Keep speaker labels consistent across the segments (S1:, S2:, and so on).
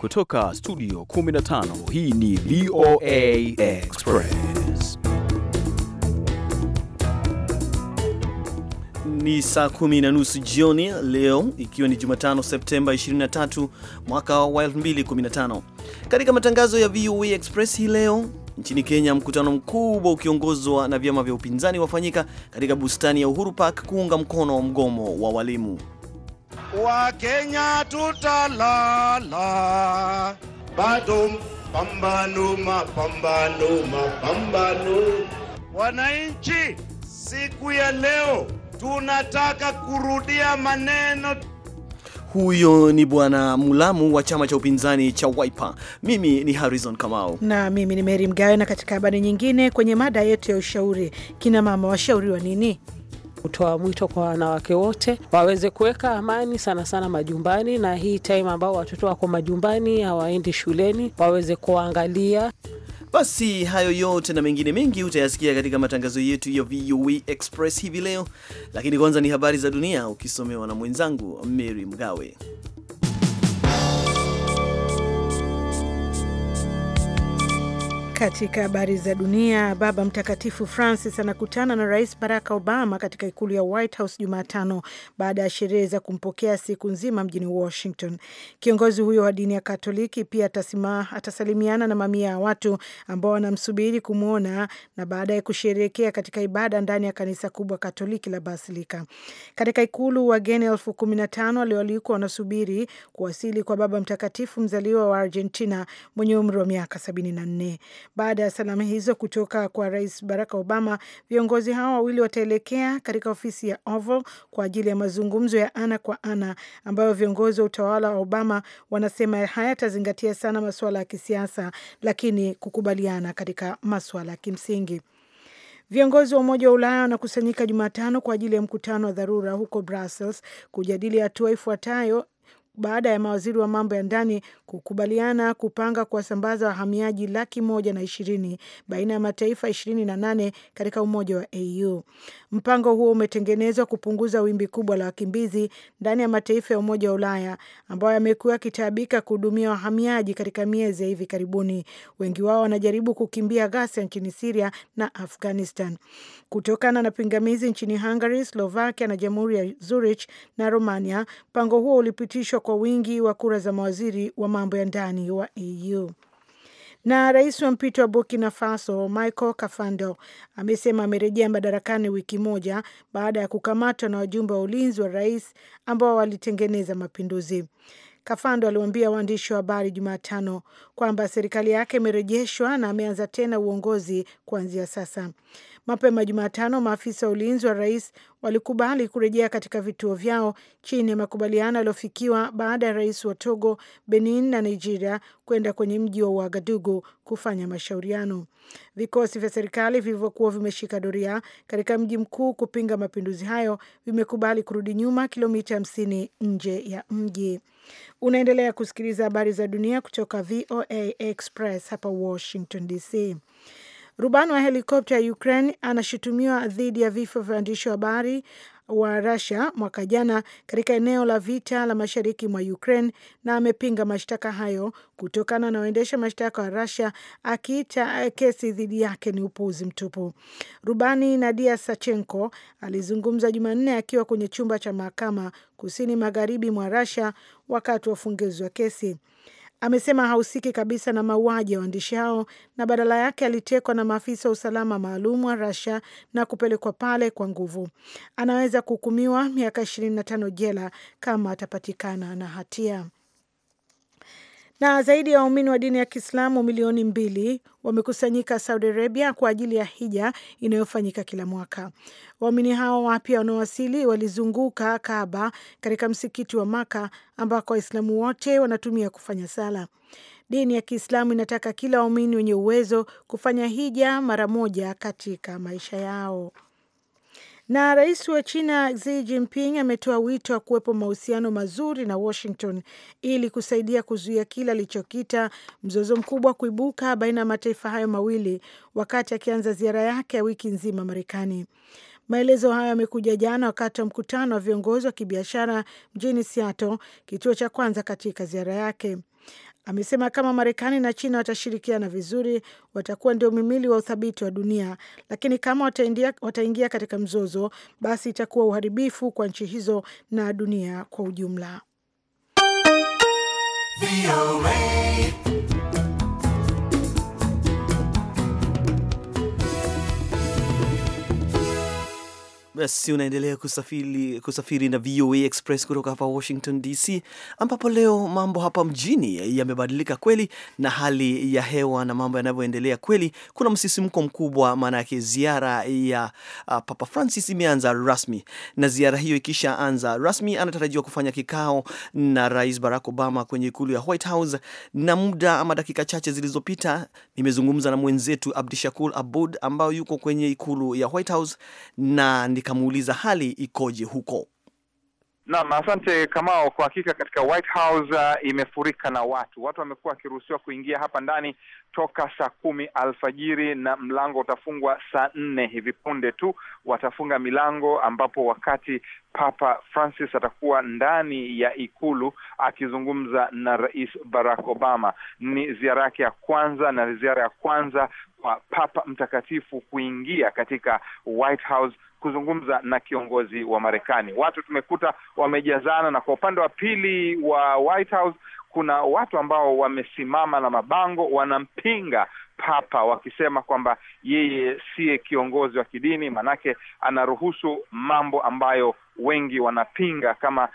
S1: Kutoka studio 15 hii ni VOA Express. Ni saa kumi na nusu jioni leo, ikiwa ni Jumatano Septemba 23 mwaka wa 2015. Katika matangazo ya VOA Express hii leo nchini Kenya, mkutano mkubwa ukiongozwa na vyama vya upinzani wafanyika katika bustani ya Uhuru Park kuunga mkono wa mgomo wa walimu.
S2: Kenya tutalala bado, pambano, mapambano, mapambano. Wananchi, siku ya leo tunataka kurudia maneno
S1: huyo ni Bwana Mulamu wa chama cha upinzani cha Wiper. Mimi ni Harrison Kamau
S3: na mimi ni Mary Mgawe. Na katika habari nyingine, kwenye mada yetu ya ushauri, kina mama washauriwa nini? kutoa mwito kwa wanawake wote
S1: waweze kuweka amani
S4: sana sana majumbani, na hii time ambao watoto wako majumbani hawaendi shuleni waweze kuangalia.
S1: Basi hayo yote na mengine mengi utayasikia katika matangazo yetu ya VOA e Express hivi leo, lakini kwanza ni habari za dunia ukisomewa na mwenzangu Mary Mgawe.
S3: Katika habari za dunia, Baba Mtakatifu Francis anakutana na Rais Barack Obama katika ikulu ya White House Jumatano baada ya sherehe za kumpokea siku nzima mjini Washington. Kiongozi huyo wa dini ya Katoliki pia atasima, atasalimiana na mamia ya watu ambao wanamsubiri kumwona na baadaye kusherehekea katika ibada ndani ya kanisa kubwa Katoliki la Basilika. Katika ikulu, wageni elfu kumi na tano walioalikwa wanasubiri kuwasili kwa Baba Mtakatifu mzaliwa wa Argentina mwenye umri wa miaka nne. Baada ya salamu hizo kutoka kwa Rais Barack Obama, viongozi hao wawili wataelekea katika ofisi ya Oval kwa ajili ya mazungumzo ya ana kwa ana ambayo viongozi wa utawala wa Obama wanasema hayatazingatia sana masuala ya kisiasa, lakini kukubaliana katika masuala ya kimsingi. Viongozi wa Umoja wa Ulaya wanakusanyika Jumatano kwa ajili ya mkutano wa dharura huko Brussels kujadili hatua ifuatayo baada ya mawaziri wa mambo ya ndani kukubaliana kupanga kuwasambaza wahamiaji laki moja na ishirini baina ya mataifa ishirini na nane katika umoja wa AU. Mpango huo umetengenezwa kupunguza wimbi kubwa la wakimbizi ndani ya mataifa ya Umoja wa Ulaya ambayo yamekuwa yakitaabika kuhudumia wahamiaji katika miezi ya hivi karibuni. Wengi wao wanajaribu kukimbia ghasia nchini Siria na Afghanistan. Kutokana na pingamizi nchini Hungary, Slovakia na jamhuri ya Zurich na Romania, mpango huo ulipitishwa kwa wingi wa kura za mawaziri wa mambo ya ndani wa EU. Na rais wa mpito wa Burkina Faso Michael Kafando amesema amerejea madarakani wiki moja baada ya kukamatwa na wajumbe wa ulinzi wa rais ambao walitengeneza mapinduzi. Kafando aliwaambia waandishi wa habari Jumatano kwamba serikali yake imerejeshwa na ameanza tena uongozi kuanzia sasa. Mapema Jumatano, maafisa wa ulinzi wa rais walikubali kurejea katika vituo vyao chini ya makubaliano yaliyofikiwa baada ya rais wa Togo, Benin na Nigeria kwenda kwenye mji wa Uagadugu kufanya mashauriano. Vikosi vya serikali vilivyokuwa vimeshika doria katika mji mkuu kupinga mapinduzi hayo vimekubali kurudi nyuma kilomita hamsini nje ya mji. Unaendelea kusikiliza habari za dunia kutoka VOA Express hapa Washington DC. Rubani wa helikopta ya Ukraine anashutumiwa dhidi ya vifo vya waandishi wa habari wa Russia mwaka jana katika eneo la vita la mashariki mwa Ukraine na amepinga mashtaka hayo kutokana na waendesha mashtaka wa Russia akiita kesi dhidi yake ni upuuzi mtupu. Rubani Nadia Sachenko alizungumza Jumanne akiwa kwenye chumba cha mahakama kusini magharibi mwa Russia wakati wa ufunguzi wa kesi amesema hahusiki kabisa na mauaji ya waandishi hao na badala yake alitekwa na maafisa wa usalama maalum wa rasia na kupelekwa pale kwa nguvu. Anaweza kuhukumiwa miaka ishirini na tano jela kama atapatikana na hatia. Na zaidi ya waumini wa dini ya Kiislamu milioni mbili wamekusanyika Saudi Arabia kwa ajili ya hija inayofanyika kila mwaka. Waumini hao wapya wanaowasili walizunguka Kaaba katika msikiti wa Maka ambako Waislamu wote wanatumia kufanya sala. Dini ya Kiislamu inataka kila waumini wenye uwezo kufanya hija mara moja katika maisha yao. Na rais wa China Xi Jinping ametoa wito wa kuwepo mahusiano mazuri na Washington ili kusaidia kuzuia kile alichokita mzozo mkubwa kuibuka baina ya mataifa hayo mawili, wakati akianza ziara yake ya wiki nzima Marekani. Maelezo hayo yamekuja jana wakati wa mkutano wa viongozi wa kibiashara mjini Seattle, kituo cha kwanza katika ziara yake. Amesema kama Marekani na China watashirikiana vizuri, watakuwa ndio mhimili wa uthabiti wa dunia, lakini kama wataingia, wataingia katika mzozo, basi itakuwa uharibifu kwa nchi hizo na dunia kwa ujumla.
S1: Basi unaendelea kusafiri, kusafiri na VOA Express kutoka hapa Washington DC, ambapo leo mambo hapa mjini yamebadilika kweli, na hali ya hewa na mambo yanavyoendelea kweli, kuna msisimko mkubwa, yake ziara ya uh, Papa Francis imeanza rasmi, na ziara hiyo ikisha anza rasmi, anatarajiwa kufanya kikao na Rais Barack Obama kwenye ikulu ya White House, na muda ama dakika chache zilizopita nimezungumza na mwenzetu Abdishakur Abud ambayo yuko kwenye ikulu ya White House na nikamuuliza hali ikoje huko.
S5: Naam, asante Kamao. Kwa hakika katika White House uh, imefurika na watu. Watu wamekuwa wakiruhusiwa kuingia hapa ndani toka saa kumi alfajiri na mlango utafungwa saa nne hivi punde tu watafunga milango, ambapo wakati Papa Francis atakuwa ndani ya ikulu akizungumza na Rais Barack Obama. Ni ziara yake ya kwanza na ziara ya kwanza kwa Papa Mtakatifu kuingia katika White House kuzungumza na kiongozi wa Marekani. Watu tumekuta wamejazana, na kwa upande wa pili wa White House kuna watu ambao wamesimama na mabango wanampinga Papa wakisema kwamba yeye siye kiongozi wa kidini, manake anaruhusu mambo ambayo wengi wanapinga kama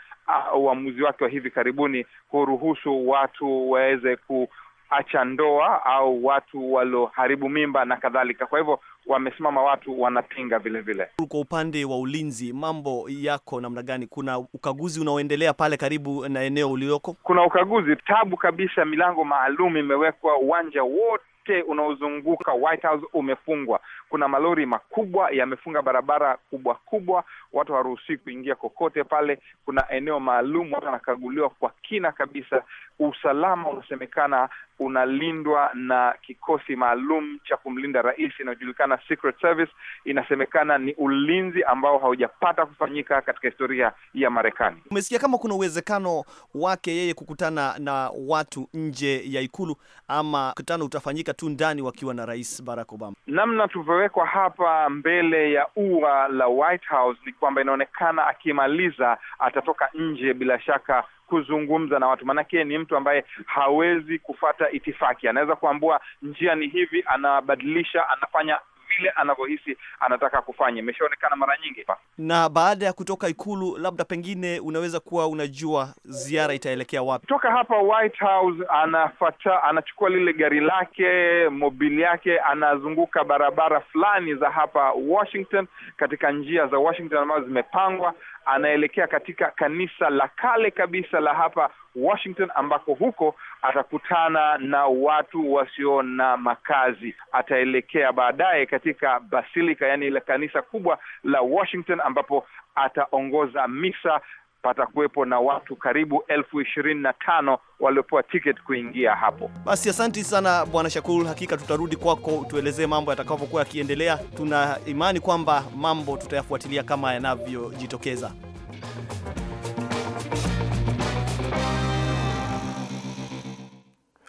S5: uamuzi wake wa hivi karibuni kuruhusu watu waweze kuacha ndoa au watu walioharibu mimba na kadhalika. Kwa hivyo wamesimama watu wanapinga vile vile.
S1: Kwa upande wa ulinzi, mambo yako namna gani? Kuna ukaguzi unaoendelea pale
S5: karibu na eneo ulioko? Kuna ukaguzi tabu kabisa, milango maalum imewekwa, uwanja wote wote unaozunguka White House umefungwa. Kuna malori makubwa yamefunga barabara kubwa kubwa, watu hawaruhusiwi kuingia kokote pale. Kuna eneo maalum watu wanakaguliwa kwa kina kabisa usalama unasemekana unalindwa na kikosi maalum cha kumlinda rais inayojulikana Secret Service. Inasemekana ni ulinzi ambao haujapata kufanyika katika historia ya Marekani.
S1: Umesikia kama kuna uwezekano wake yeye kukutana na watu nje ya ikulu ama mkutano utafanyika tu ndani wakiwa na rais Barack Obama?
S5: Namna tulivyowekwa hapa mbele ya ua la White House ni kwamba inaonekana akimaliza atatoka nje bila shaka kuzungumza na watu, maanake ni mtu ambaye hawezi kufata itifaki. Anaweza kuambua njia ni hivi, anabadilisha, anafanya vile anavyohisi anataka kufanya. Imeshaonekana mara nyingi
S1: Na baada ya kutoka Ikulu, labda pengine unaweza kuwa unajua
S5: ziara itaelekea wapi. Kutoka hapa White House anafata, anachukua lile gari lake mobili yake, anazunguka barabara fulani za hapa Washington, katika njia za Washington ambazo zimepangwa, anaelekea katika kanisa la kale kabisa la hapa Washington, ambako huko atakutana na watu wasio na makazi. Ataelekea baadaye katika basilika, yaani ile kanisa kubwa la Washington, ambapo ataongoza misa patakuwepo na watu karibu elfu ishirini na tano waliopewa tiketi kuingia hapo.
S1: Basi asanti sana Bwana shakur hakika tutarudi kwako tuelezee mambo yatakapokuwa yakiendelea. Tuna imani kwamba mambo tutayafuatilia kama yanavyojitokeza.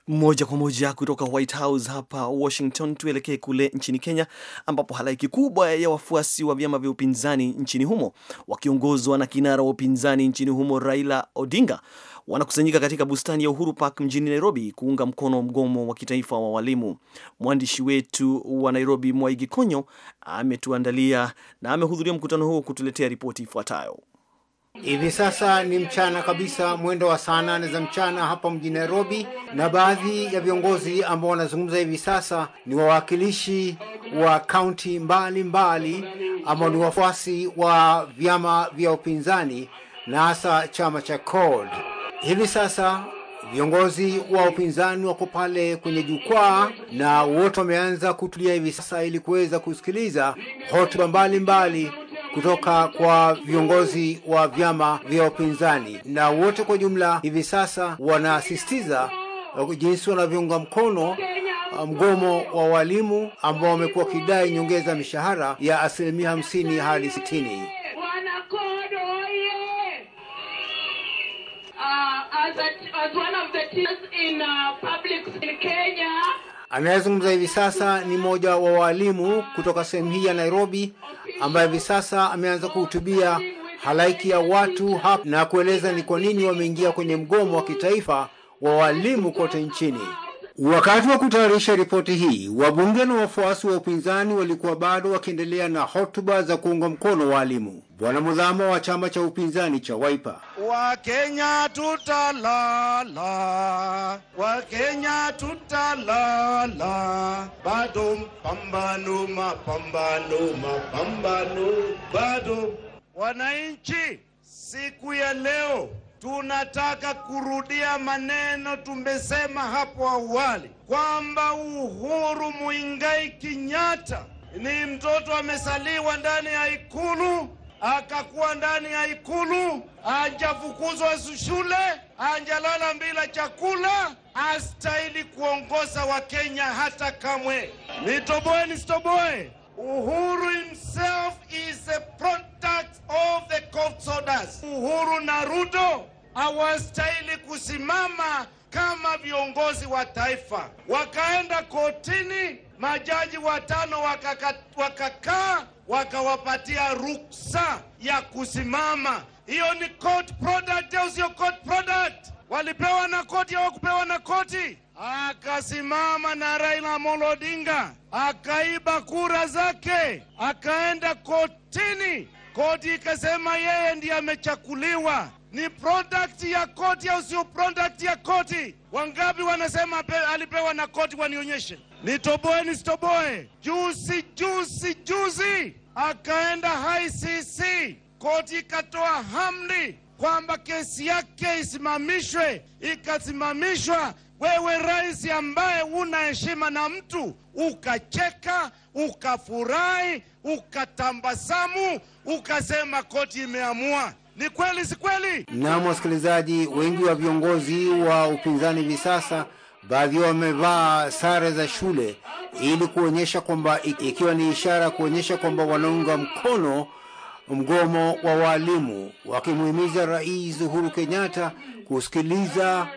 S1: Moja kwa moja kutoka White House hapa Washington, tuelekee kule nchini Kenya, ambapo halaiki kubwa ya wafuasi wa vyama vya upinzani nchini humo wakiongozwa na kinara wa upinzani nchini humo Raila Odinga wanakusanyika katika bustani ya Uhuru Park mjini Nairobi kuunga mkono mgomo wa kitaifa wa walimu. Mwandishi wetu wa Nairobi, Mwaigi Konyo, ametuandalia na amehudhuria mkutano huo kutuletea ripoti ifuatayo. Hivi sasa ni mchana
S6: kabisa, mwendo wa saa nane za mchana hapa mjini Nairobi, na baadhi ya viongozi ambao wanazungumza hivi sasa ni wawakilishi wa kaunti mbalimbali ambao ni wafuasi wa vyama vya upinzani na hasa chama cha CORD. Hivi sasa viongozi wa upinzani wako pale kwenye jukwaa na wote wameanza kutulia hivi sasa ili kuweza kusikiliza hotuba mbalimbali kutoka kwa viongozi wa vyama vya upinzani, na wote kwa jumla hivi sasa wanasisitiza uh, jinsi wanavyounga mkono uh, mgomo wa walimu ambao wamekuwa wakidai nyongeza mishahara ya asilimia hamsini hadi sitini. Anayezungumza hivi sasa ni mmoja wa walimu kutoka sehemu hii ya Nairobi ambaye hivi sasa ameanza kuhutubia halaiki ya watu hapa na kueleza ni kwa nini wameingia kwenye mgomo wa kitaifa wa walimu kote nchini. Wakati wa kutayarisha ripoti hii, wabunge na wafuasi wa upinzani walikuwa bado wakiendelea na hotuba za kuunga mkono walimu. Bwana Mudhama wa chama cha upinzani cha Wiper.
S2: Wakenya tutalala, Wakenya tutalala, bado mapambano, mapambano, mapambano, bado. Wananchi, siku ya leo tunataka kurudia maneno tumesema hapo awali kwamba Uhuru Muingai Kenyatta ni mtoto amesaliwa ndani ya Ikulu akakuwa ndani ya ikulu, anjafukuzwa shule, anjalala bila chakula, astahili kuongoza Wakenya hata kamwe. Nitoboe nisitoboe, Uhuru himself is a product of the court orders. Uhuru na Ruto hawastahili kusimama kama viongozi wa taifa. Wakaenda kotini, majaji watano wakakaa waka wakawapatia ruksa ya kusimama. Hiyo ni court product au sio court product? Walipewa na koti au kupewa na koti? Akasimama na Raila Amolo Odinga, akaiba kura zake, akaenda kotini. Koti ikasema yeye ndiye amechakuliwa. Ni product ya koti au sio product ya koti? Wangapi wanasema alipewa na koti? Wanionyeshe. Nitoboe nisitoboe? Juzi juzi juzi akaenda ICC, koti ikatoa hamri kwamba kesi yake isimamishwe. Ikasimamishwa. Wewe rais ambaye una heshima na mtu, ukacheka, ukafurahi, ukatambasamu, ukasema koti imeamua. Ni kweli, si kweli? Na
S6: wasikilizaji wengi wa viongozi wa upinzani hivi sasa baadhi yao wamevaa sare za shule ili kuonyesha kwamba, ikiwa ni ishara ya kuonyesha kwamba wanaunga mkono mgomo wa waalimu, wakimuhimiza Rais Uhuru Kenyatta kusikiliza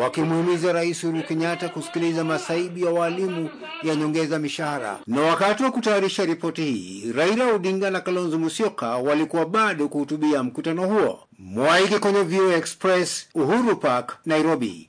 S6: wakimuhimiza Rais Uhuru Kenyatta kusikiliza masaibu ya walimu ya nyongeza mishahara. Na wakati wa kutayarisha ripoti hii, Raila Odinga na Kalonzo Musyoka walikuwa bado kuhutubia mkutano huo. Mwaike kwenye VOA Express, Uhuru Park, Nairobi.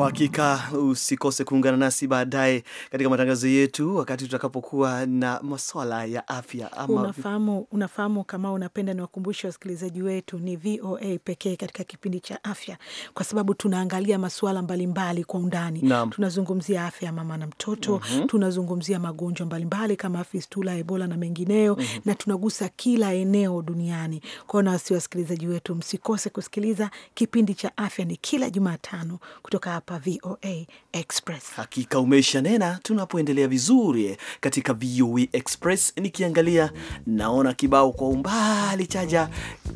S1: Kwa hakika usikose kuungana nasi baadaye katika matangazo yetu wakati tutakapokuwa na maswala ya afya ama...
S3: Unafahamu, unafahamu kama unapenda ni wakumbushe wasikilizaji wetu ni VOA pekee katika kipindi cha afya, kwa sababu tunaangalia masuala mbalimbali kwa undani. Tunazungumzia afya ya mama na mtoto mm -hmm. Tunazungumzia magonjwa mbalimbali kama fistula, ebola na mengineyo mm -hmm. Na tunagusa kila eneo duniani. kwao nawasi wasikilizaji wetu msikose kusikiliza kipindi cha afya, ni kila Jumatano kutoka hapa hapa VOA
S1: Express. Hakika umeisha nena, tunapoendelea vizuri eh, katika VOA Express, nikiangalia naona kibao kwa umbali chaja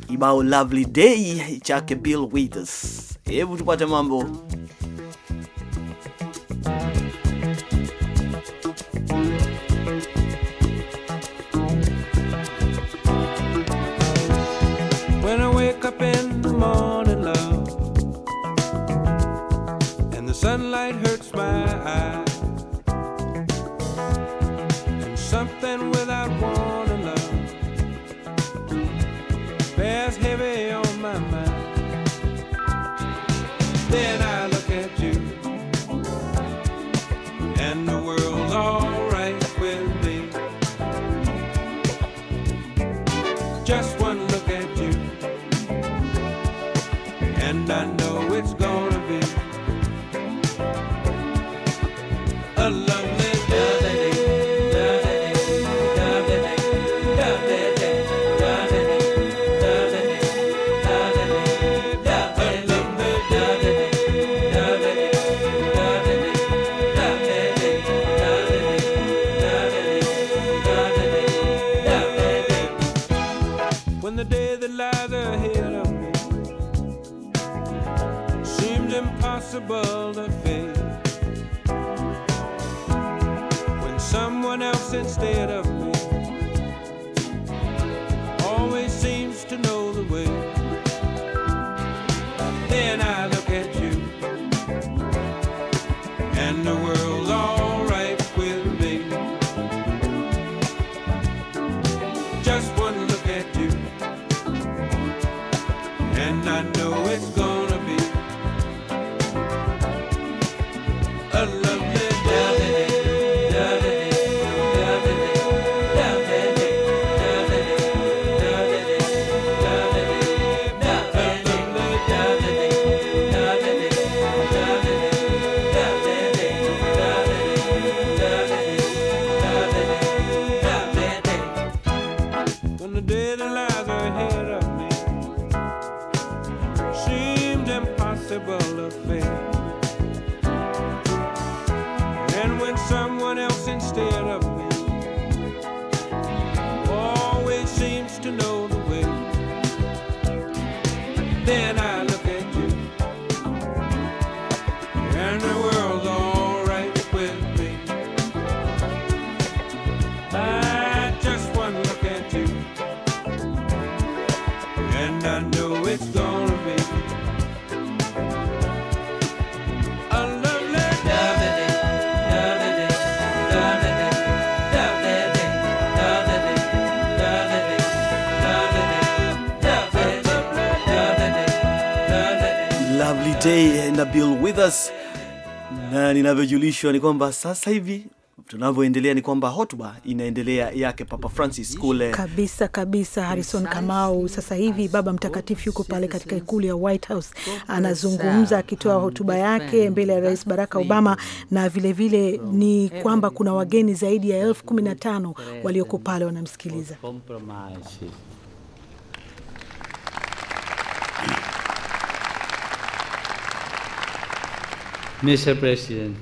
S1: kibao Lovely Day eh, chake Bill Withers. Hebu tupate mambo stay of Lovely day na Bill Withers, na ninavyojulishwa ni kwamba sasa hivi tunavyoendelea ni kwamba hotuba inaendelea yake Papa Francis kule
S3: kabisa kabisa. Harrison Kamau, sasa hivi Baba Mtakatifu yuko pale katika ikulu ya White House, anazungumza akitoa hotuba yake mbele ya Rais Barack Obama, na vilevile vile ni kwamba kuna wageni zaidi ya elfu kumi na tano walioko pale wanamsikiliza.
S7: Mr. President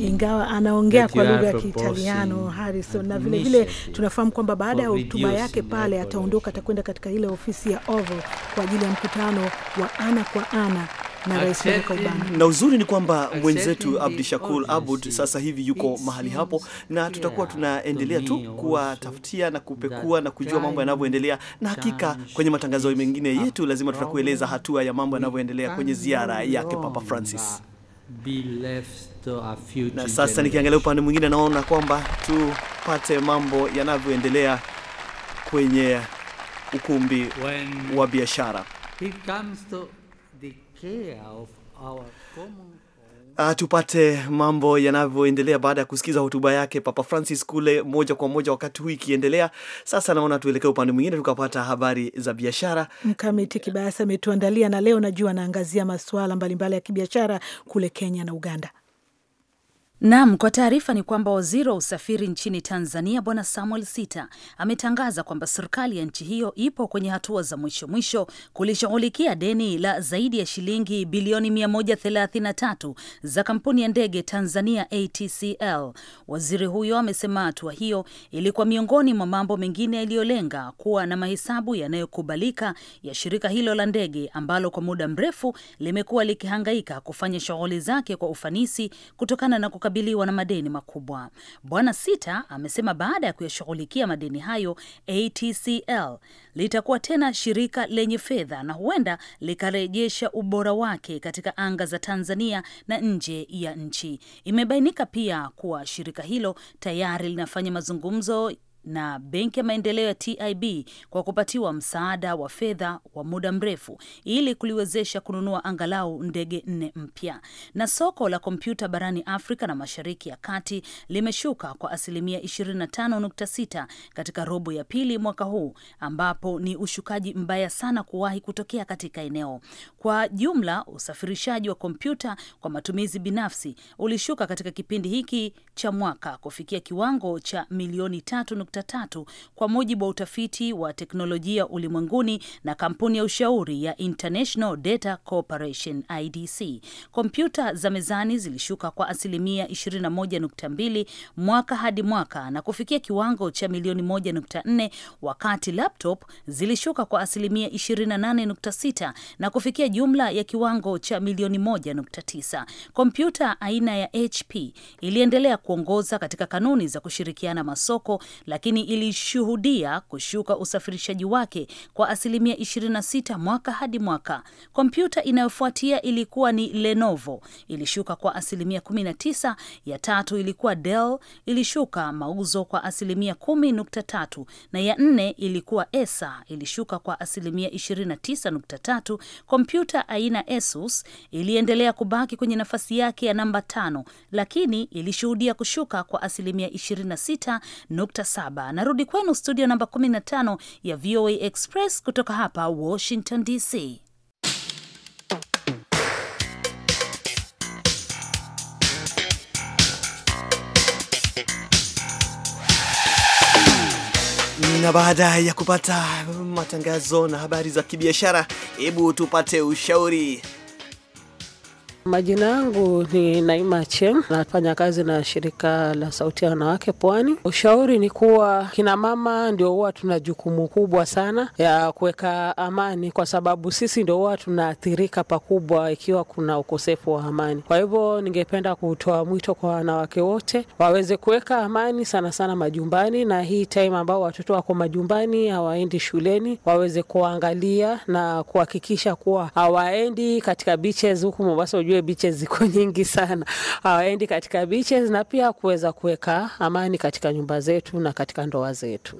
S7: ingawa anaongea kwa lugha ya Kiitaliano
S3: Harrison, na vilevile tunafahamu kwamba baada ya hotuba yake pale ataondoka, atakwenda katika ile ofisi ya Oval kwa ajili ya mkutano wa ana kwa ana na rais Barack Obama. Na uzuri
S1: ni kwamba mwenzetu Abdi Shakur Abud sasa hivi yuko mahali hapo, na tutakuwa tunaendelea tu kuwatafutia na kupekua na kujua mambo yanavyoendelea, na hakika kwenye matangazo mengine yetu lazima tutakueleza hatua ya mambo yanavyoendelea kwenye ziara yake Papa Francis. Be left a Na sasa nikiangalia upande mwingine naona kwamba tupate mambo yanavyoendelea kwenye ukumbi When wa biashara.
S7: comes to the care of our common
S1: Uh, tupate mambo yanavyoendelea baada ya kusikiza hotuba yake Papa Francis kule moja kwa moja wakati huu ikiendelea. Sasa naona tuelekee upande mwingine tukapata habari za biashara.
S3: Mkamiti Kibayasi ametuandalia na leo najua anaangazia masuala mbalimbali ya kibiashara kule Kenya na Uganda. Naam,
S8: kwa taarifa ni kwamba waziri wa usafiri nchini Tanzania Bwana Samuel Sita ametangaza kwamba serikali ya nchi hiyo ipo kwenye hatua za mwisho mwisho kulishughulikia deni la zaidi ya shilingi bilioni 133 za kampuni ya ndege Tanzania ATCL. Waziri huyo amesema hatua hiyo ilikuwa miongoni mwa mambo mengine yaliyolenga kuwa na mahesabu yanayokubalika ya shirika hilo la ndege ambalo kwa muda mrefu limekuwa likihangaika kufanya shughuli zake kwa ufanisi kutokana na kukabiliwa na madeni makubwa. Bwana Sita amesema baada ya kuyashughulikia madeni hayo, ATCL litakuwa tena shirika lenye fedha na huenda likarejesha ubora wake katika anga za Tanzania na nje ya nchi. Imebainika pia kuwa shirika hilo tayari linafanya mazungumzo na Benki ya Maendeleo ya TIB kwa kupatiwa msaada wa fedha wa muda mrefu ili kuliwezesha kununua angalau ndege nne mpya. Na soko la kompyuta barani Afrika na Mashariki ya Kati limeshuka kwa asilimia 25.6 katika robo ya pili mwaka huu, ambapo ni ushukaji mbaya sana kuwahi kutokea katika eneo. Kwa jumla, usafirishaji wa kompyuta kwa matumizi binafsi ulishuka katika kipindi hiki cha mwaka kufikia kiwango cha milioni tatu 1.3 kwa mujibu wa utafiti wa teknolojia ulimwenguni na kampuni ya ushauri ya International Data Corporation IDC. Kompyuta za mezani zilishuka kwa asilimia 21.2 mwaka hadi mwaka na kufikia kiwango cha milioni 1.4, wakati laptop zilishuka kwa asilimia 28.6 na kufikia jumla ya kiwango cha milioni 1.9. Kompyuta aina ya HP iliendelea kuongoza katika kanuni za kushirikiana masoko, lakini lakini ilishuhudia kushuka usafirishaji wake kwa asilimia 26 mwaka hadi mwaka. Kompyuta inayofuatia ilikuwa ni Lenovo, ilishuka kwa asilimia 19. Ya tatu ilikuwa Dell, ilishuka mauzo kwa asilimia 10.3, na ya nne ilikuwa Acer, ilishuka kwa asilimia 29.3. Kompyuta aina Asus iliendelea kubaki kwenye nafasi yake ya namba tano, lakini ilishuhudia kushuka kwa asilimia 26.7 saba. Narudi kwenu studio namba 15 ya VOA Express kutoka hapa Washington DC.
S1: Na baada ya kupata matangazo na habari za kibiashara, hebu tupate ushauri
S4: Majina yangu ni Naima Chem, nafanya kazi na shirika la Sauti ya Wanawake Pwani. Ushauri ni kuwa kina mama ndio huwa tuna jukumu kubwa sana ya kuweka amani, kwa sababu sisi ndio huwa tunaathirika pakubwa ikiwa kuna ukosefu wa amani. Kwa hivyo, ningependa kutoa mwito kwa wanawake wote waweze kuweka amani sana sana majumbani, na hii time ambao watoto wako majumbani hawaendi shuleni, waweze kuangalia na kuhakikisha kuwa hawaendi katika beaches huku Mombasa. Ujue Ziwe beaches ziko nyingi sana, hawaendi katika biche na pia kuweza kuweka amani katika nyumba zetu na katika ndoa zetu.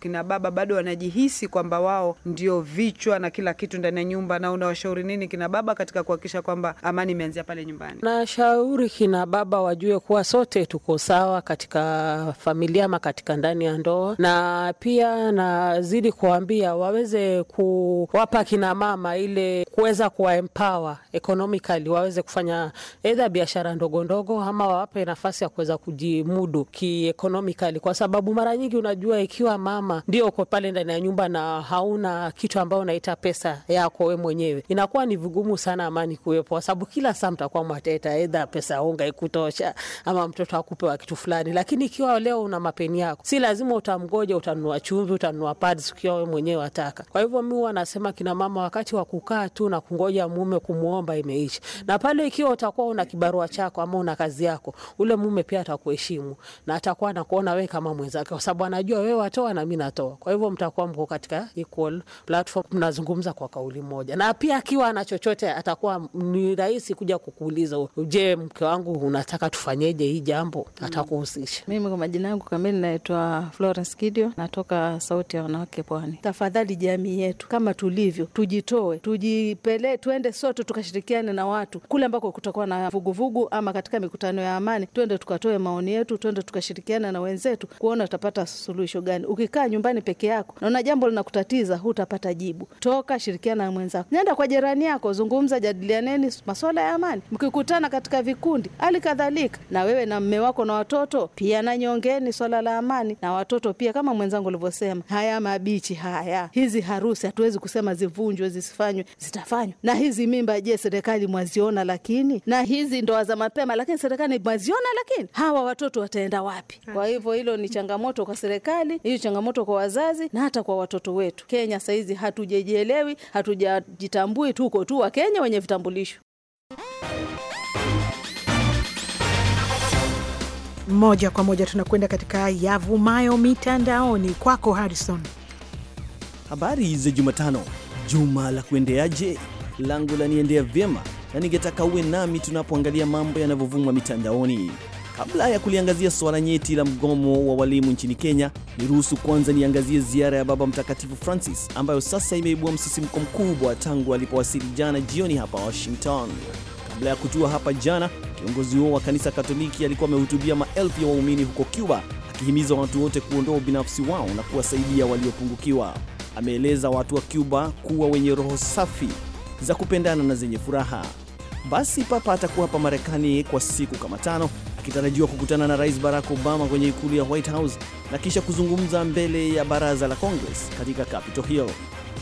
S3: kina baba bado wanajihisi kwamba wao ndio vichwa na kila kitu ndani ya nyumba. Na unawashauri nini kina baba katika kuhakikisha kwamba amani imeanzia pale nyumbani?
S4: Nashauri kina baba wajue kuwa sote tuko sawa katika familia ama katika ndani ya ndoa, na pia nazidi kuwaambia waweze kuwapa kina mama ile kuweza kuwaempower economically waweze waweze kufanya edha biashara ndogo ndogo, ama wawape nafasi ya kuweza kujimudu kiekonomikali, kwa sababu mara nyingi unajua, ikiwa mama ndio uko pale ndani ya nyumba na hauna kitu ambayo unaita pesa yako we mwenyewe, inakuwa ni vigumu sana amani kuwepo, kwa sababu kila saa mtakuwa mwateta, edha pesa ya unga ikutosha, ama mtoto akupewa kitu fulani. Lakini ikiwa leo una mapeni yako, si lazima utamgoja, utanunua chumvi, utanunua pads ukiwa we mwenyewe wataka. Kwa hivyo mi huwa nasema kinamama, wakati wa kukaa tu na kungoja mume kumwomba imeisha na pale. Ikiwa utakuwa una kibarua chako ama una kazi yako, ule mume pia atakuheshimu na atakuwa anakuona wewe kama mwenzake, kwa sababu anajua wewe watoa na mimi natoa. Kwa hivyo mtakuwa mko katika equal platform, mnazungumza kwa kauli moja, na pia akiwa ana chochote atakuwa ni rahisi kuja kukuuliza, je, mke wangu unataka tufanyeje hii jambo?
S3: Mm. Atakuhusisha. Mimi kwa majina yangu kamili naitwa Florence Kidio, natoka Sauti ya Wanawake Pwani. Tafadhali jamii yetu kama tulivyo, tujitoe, tujipele, tuende sote tukashirikiane na watu kule ambako kutakuwa na vuguvugu vugu, ama katika mikutano ya amani, twende tukatoe maoni yetu, twende tukashirikiana na wenzetu kuona tutapata suluhisho gani. Ukikaa nyumbani peke yako, naona jambo linakutatiza, hutapata jibu. Toka, shirikiana na mwenzako, nenda kwa jirani yako, zungumza, jadilianeni masuala ya amani. Mkikutana katika vikundi, hali kadhalika na wewe na mme wako na watoto pia, nanyongeni swala la amani na watoto pia, kama mwenzangu ulivyosema, haya mabichi haya, hizi harusi hatuwezi kusema zivunjwe, zisifanywe, zitafanywa. Na hizi mimba, je, serikali mwaziona? mnaziona lakini, na hizi ndoa za mapema, lakini serikali maziona lakini, hawa watoto wataenda wapi? Kwa hivyo hilo ni changamoto kwa serikali, hiyo changamoto kwa wazazi na hata kwa watoto wetu. Kenya sahizi hatujajielewi, hatujajitambui, tuko tu Wakenya wenye vitambulisho. Moja kwa moja tunakwenda katika yavumayo mitandaoni, kwako Harrison.
S1: Habari za Jumatano, juma la kuendeaje? Langu la niendea vyema, na ningetaka uwe nami tunapoangalia mambo yanavyovumwa mitandaoni. Kabla ya kuliangazia suala nyeti la mgomo wa walimu nchini Kenya, niruhusu kwanza niangazie ziara ya Baba Mtakatifu Francis ambayo sasa imeibua msisimko mkubwa tangu alipowasili jana jioni hapa Washington. Kabla ya kutua hapa jana, kiongozi huo wa kanisa Katoliki alikuwa amehutubia maelfu ya waumini huko Cuba, akihimiza watu wote kuondoa ubinafsi wao na kuwasaidia waliopungukiwa. Ameeleza watu wa Cuba kuwa wenye roho safi za kupendana na zenye furaha. Basi Papa atakuwa hapa Marekani kwa siku kama tano akitarajiwa kukutana na Rais Barack Obama kwenye ikulu ya White House na kisha kuzungumza mbele ya baraza la Congress katika Capitol Hill.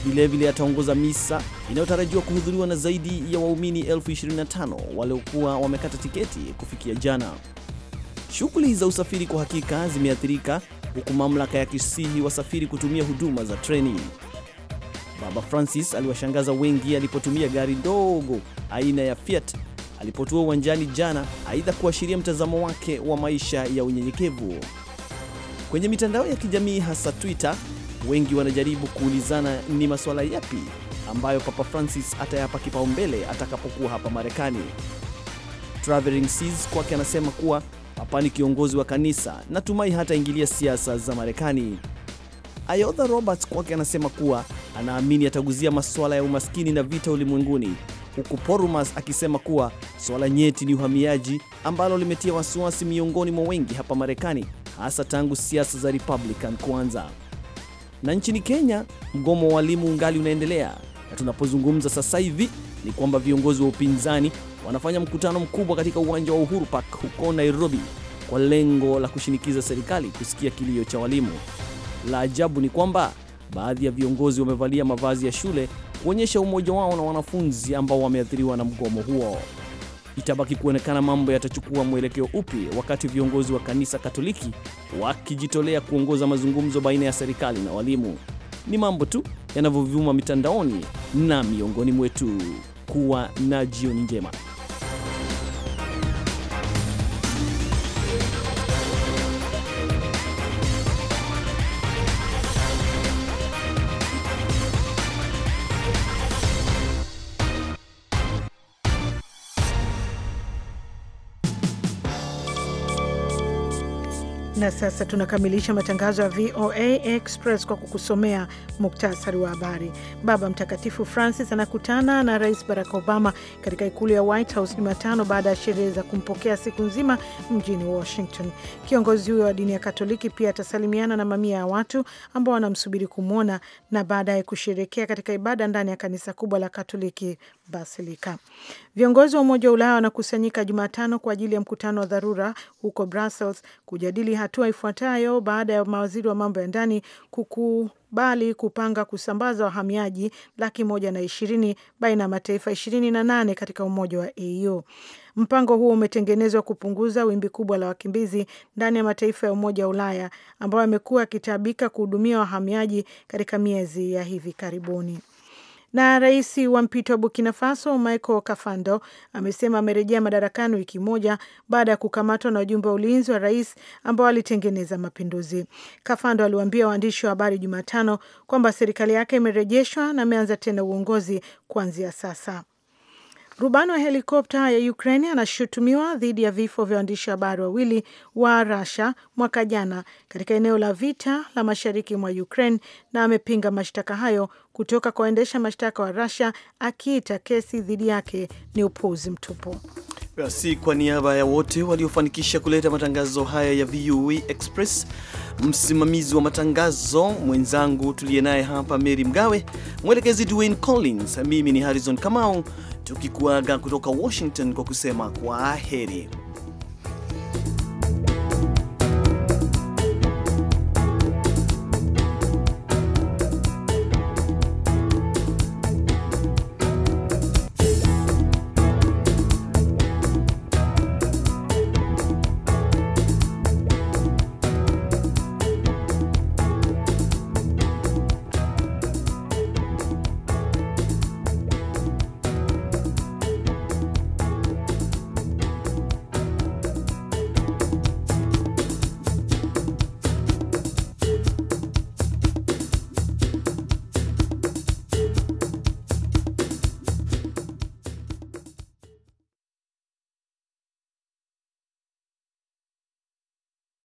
S1: Vilevile ataongoza misa inayotarajiwa kuhudhuriwa na zaidi ya waumini elfu 25 waliokuwa wamekata tiketi kufikia jana. Shughuli za usafiri kwa hakika zimeathirika, huku mamlaka ya kisihi wasafiri kutumia huduma za treni. Baba Francis aliwashangaza wengi alipotumia gari ndogo aina ya Fiat alipotua uwanjani jana, aidha kuashiria mtazamo wake wa maisha ya unyenyekevu. Kwenye mitandao ya kijamii hasa Twitter, wengi wanajaribu kuulizana ni masuala yapi ambayo Papa Francis atayapa kipaumbele atakapokuwa hapa Marekani. Traveling Seas kwake anasema kuwa Papa ni kiongozi wa kanisa, natumai hataingilia siasa za Marekani. Ayodha Roberts kwake anasema kuwa anaamini ataguzia masuala ya umaskini na vita ulimwenguni, huku Porumas akisema kuwa swala nyeti ni uhamiaji ambalo limetia wasiwasi miongoni mwa wengi hapa Marekani, hasa tangu siasa za Republican kuanza. Na nchini Kenya, mgomo wa walimu ungali unaendelea, na tunapozungumza sasa hivi ni kwamba viongozi wa upinzani wanafanya mkutano mkubwa katika uwanja wa Uhuru Park huko Nairobi kwa lengo la kushinikiza serikali kusikia kilio cha walimu. La ajabu ni kwamba baadhi ya viongozi wamevalia mavazi ya shule kuonyesha umoja wao na wanafunzi ambao wameathiriwa na mgomo huo. Itabaki kuonekana mambo yatachukua mwelekeo upi, wakati viongozi wa kanisa Katoliki wakijitolea kuongoza mazungumzo baina ya serikali na walimu. Ni mambo tu yanavyovyuma mitandaoni, na miongoni mwetu. Kuwa na jioni njema.
S3: Na sasa tunakamilisha matangazo ya VOA Express kwa kukusomea muktasari wa habari. Baba Mtakatifu Francis anakutana na Rais Barack Obama katika ikulu ya White House Jumatano baada ya sherehe za kumpokea siku nzima mjini Washington. Kiongozi huyo wa dini ya Katoliki pia atasalimiana na mamia ya watu ambao wanamsubiri kumwona na baadaye kusherekea katika ibada ndani ya kanisa kubwa la Katoliki Basilika. Viongozi wa Umoja wa Ulaya wanakusanyika Jumatano kwa ajili ya mkutano wa dharura huko Brussels kujadili hatu hatua ifuatayo baada ya mawaziri wa mambo ya ndani kukubali kupanga kusambaza wahamiaji laki moja na ishirini baina ya mataifa ishirini na nane katika umoja wa AU. Mpango huo umetengenezwa kupunguza wimbi kubwa la wakimbizi ndani ya mataifa ya Umoja wa Ulaya ambayo yamekuwa yakitaabika kuhudumia wahamiaji katika miezi ya hivi karibuni. Na rais wa mpito wa Burkina Faso Michael Kafando amesema amerejea madarakani wiki moja baada ya kukamatwa na wajumbe wa ulinzi wa rais ambao alitengeneza mapinduzi. Kafando aliwaambia waandishi wa habari Jumatano kwamba serikali yake imerejeshwa na ameanza tena uongozi kuanzia sasa. Rubani wa helikopta ya Ukraine anashutumiwa dhidi ya vifo vya waandishi habari wawili wa Russia mwaka jana katika eneo la vita la mashariki mwa Ukraine na amepinga mashtaka hayo kutoka kwa waendesha mashtaka wa Russia akiita kesi dhidi yake ni upuuzi mtupu.
S1: Basi, kwa niaba ya wote waliofanikisha kuleta matangazo haya ya VOA e Express, msimamizi wa matangazo mwenzangu tuliye naye hapa Mary Mgawe, mwelekezi Dwayne Collins, mimi ni Harrison Kamau tukikuaga kutoka Washington kwa kusema kwa heri.